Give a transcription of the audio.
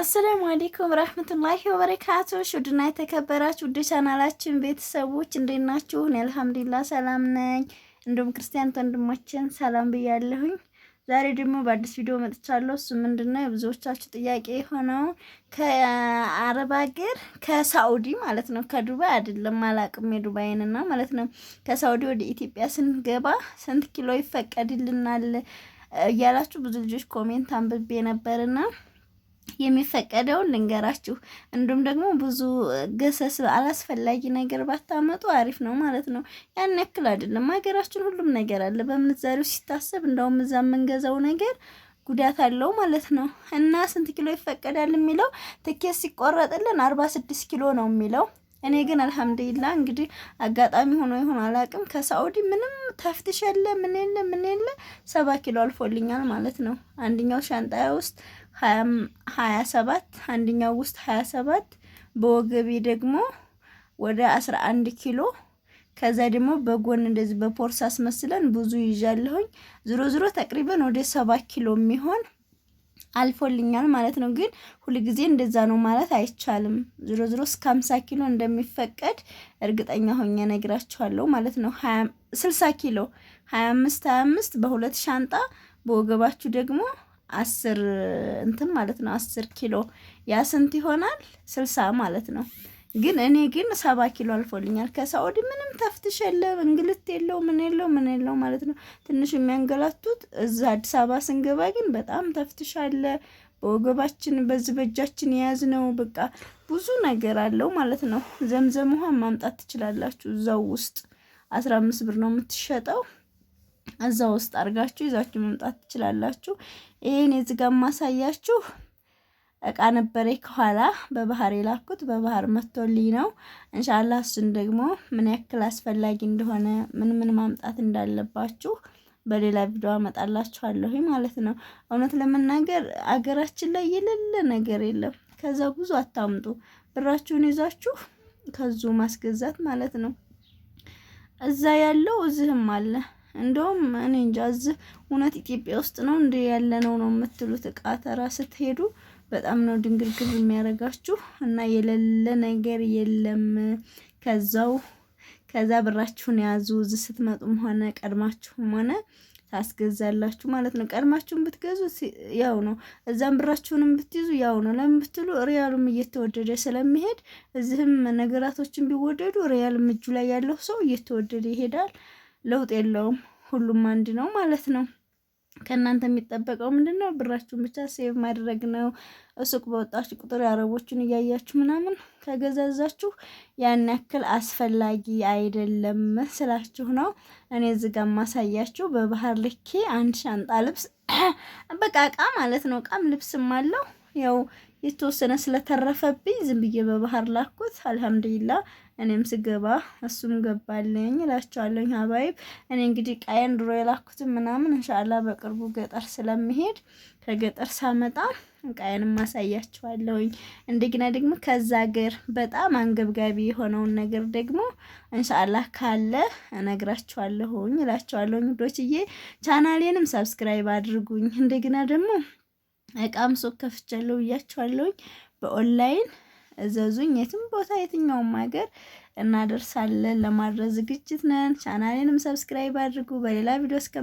አሰላሙ አሌይኩም ረህመቱላሂ ወበረካቱ ውድና የተከበራችሁ ውድ ቻናላችን ቤተሰቦች እንዴት ናችሁ? እኔ አልሐምዱሊላህ ሰላም ነኝ። እንዲሁም ክርስቲያን ወንድሞችን ሰላም ብያለሁኝ። ዛሬ ደግሞ በአዲስ ቪዲዮ መጥቻለሁ። እሱ ምንድነው የብዙዎቻችሁ ጥያቄ የሆነው ከአረብ ሀገር ከሳኡዲ ማለት ነው ከዱባይ አይደለም አላቅም የዱባይንና ማለት ነው ከሳኡዲ ወደ ኢትዮጵያ ስንገባ ስንት ኪሎ ይፈቀድልናል እያላችሁ ብዙ ልጆች ኮሜንት አንብቤ ነበርና የሚፈቀደውን ልንገራችሁ። እንዲሁም ደግሞ ብዙ ገሰስ አላስፈላጊ ነገር ባታመጡ አሪፍ ነው ማለት ነው። ያን ያክል አይደለም። ሀገራችን ሁሉም ነገር አለ። በምንዛሬው ሲታሰብ እንደውም እዛ የምንገዛው ነገር ጉዳት አለው ማለት ነው። እና ስንት ኪሎ ይፈቀዳል የሚለው ትኬት ሲቆረጥልን አርባ ስድስት ኪሎ ነው የሚለው እኔ ግን አልሐምዱሊላ እንግዲህ አጋጣሚ ሆኖ ይሆን አላውቅም፣ ከሳውዲ ምንም ተፍትሽ የለ ምን የለ ምን የለ ሰባ ኪሎ አልፎልኛል ማለት ነው። አንደኛው ሻንጣያ ውስጥ ሀያ ሰባት አንደኛው ውስጥ ሀያ ሰባት በወገቤ ደግሞ ወደ አስራ አንድ ኪሎ ከዛ ደግሞ በጎን እንደዚህ በፖርስ አስመስለን ብዙ ይዣለሁኝ። ዝሮ ዝሮ ተቅሪበን ወደ ሰባ ኪሎ የሚሆን አልፎልኛል ማለት ነው። ግን ሁልጊዜ እንደዛ ነው ማለት አይቻልም። ዝሮ ዝሮ እስከ ሀምሳ ኪሎ እንደሚፈቀድ እርግጠኛ ሆኜ ነግራችኋለሁ ማለት ነው። ስልሳ ኪሎ ሀያ አምስት ሀያ አምስት በሁለት ሻንጣ በወገባችሁ ደግሞ አስር እንትን ማለት ነው። አስር ኪሎ ያ ስንት ይሆናል? ስልሳ ማለት ነው። ግን እኔ ግን ሰባ ኪሎ አልፎልኛል። ከሳውዲ ምንም ተፍትሽ የለ እንግልት የለው ምን የለው ምን የለው ማለት ነው። ትንሽ የሚያንገላቱት እዛ አዲስ አበባ ስንገባ ግን በጣም ተፍትሽ አለ። በወገባችን በዚህ በእጃችን የያዝ ነው። በቃ ብዙ ነገር አለው ማለት ነው። ዘምዘም ውሃ ማምጣት ትችላላችሁ። እዛው ውስጥ አስራ አምስት ብር ነው የምትሸጠው። እዛ ውስጥ አድርጋችሁ ይዛችሁ መምጣት ትችላላችሁ። ይሄን የዚጋ ማሳያችሁ እቃ ነበረ ከኋላ በባህር የላኩት በባህር መጥቶልኝ ነው። እንሻላ እሱን ደግሞ ምን ያክል አስፈላጊ እንደሆነ ምን ምን ማምጣት እንዳለባችሁ በሌላ ቪዲዮ አመጣላችኋለሁ ማለት ነው። እውነት ለመናገር አገራችን ላይ የሌለ ነገር የለም። ከዛ ብዙ አታምጡ፣ ብራችሁን ይዛችሁ ከዙ ማስገዛት ማለት ነው። እዛ ያለው እዚህም አለ። እንደውም እኔ እንጃ እዚህ እውነት ኢትዮጵያ ውስጥ ነው እንደ ያለ ነው ነው የምትሉት እቃ ተራ ስትሄዱ በጣም ነው ድንግርግር የሚያደርጋችሁ እና የሌለ ነገር የለም። ከዛው ከዛ ብራችሁን ያዙ። እዚህ ስትመጡም ሆነ ቀድማችሁም ሆነ ታስገዛላችሁ ማለት ነው። ቀድማችሁን ብትገዙ ያው ነው፣ እዛም ብራችሁንም ብትይዙ ያው ነው። ለምን ብትሉ ሪያሉም እየተወደደ ስለሚሄድ እዚህም ነገራቶችን ቢወደዱ ሪያልም እጁ ላይ ያለው ሰው እየተወደደ ይሄዳል። ለውጥ የለውም። ሁሉም አንድ ነው ማለት ነው። ከእናንተ የሚጠበቀው ምንድን ነው? ብራችሁን ብቻ ሴቭ ማድረግ ነው። እሱቅ በወጣችሁ ቁጥር የአረቦችን እያያችሁ ምናምን ከገዛዛችሁ ያን ያክል አስፈላጊ አይደለም ስላችሁ ነው። እኔ እዚህ ጋር ማሳያችሁ በባህር ልኬ አንድ ሻንጣ ልብስ በቃ እቃ ማለት ነው። እቃም ልብስም አለው ያው የተወሰነ ስለተረፈብኝ ዝም ብዬ በባህር ላኩት። አልሐምዱሊላ እኔም ስገባ እሱም ገባልኝ እላቸዋለሁኝ። ሀባይብ እኔ እንግዲህ ቃየን ድሮ የላኩትም ምናምን እንሻላ በቅርቡ ገጠር ስለምሄድ ከገጠር ሳመጣ ቃየንም ማሳያቸዋለውኝ። እንደገና ደግሞ ከዛ ሀገር በጣም አንገብጋቢ የሆነውን ነገር ደግሞ እንሻላ ካለ እነግራችኋለሁኝ እላቸዋለሁኝ። ዶችዬ ቻናሌንም ሰብስክራይብ አድርጉኝ። እንደገና ደግሞ እቃም ሱቅ ከፍቻለሁ ብያችኋለሁኝ። በኦንላይን እዘዙኝ። የትም ቦታ የትኛውም ሀገር እናደርሳለን። ለማድረስ ዝግጅት ነን። ቻናሌንም ሰብስክራይብ አድርጉ። በሌላ ቪዲዮ እስከ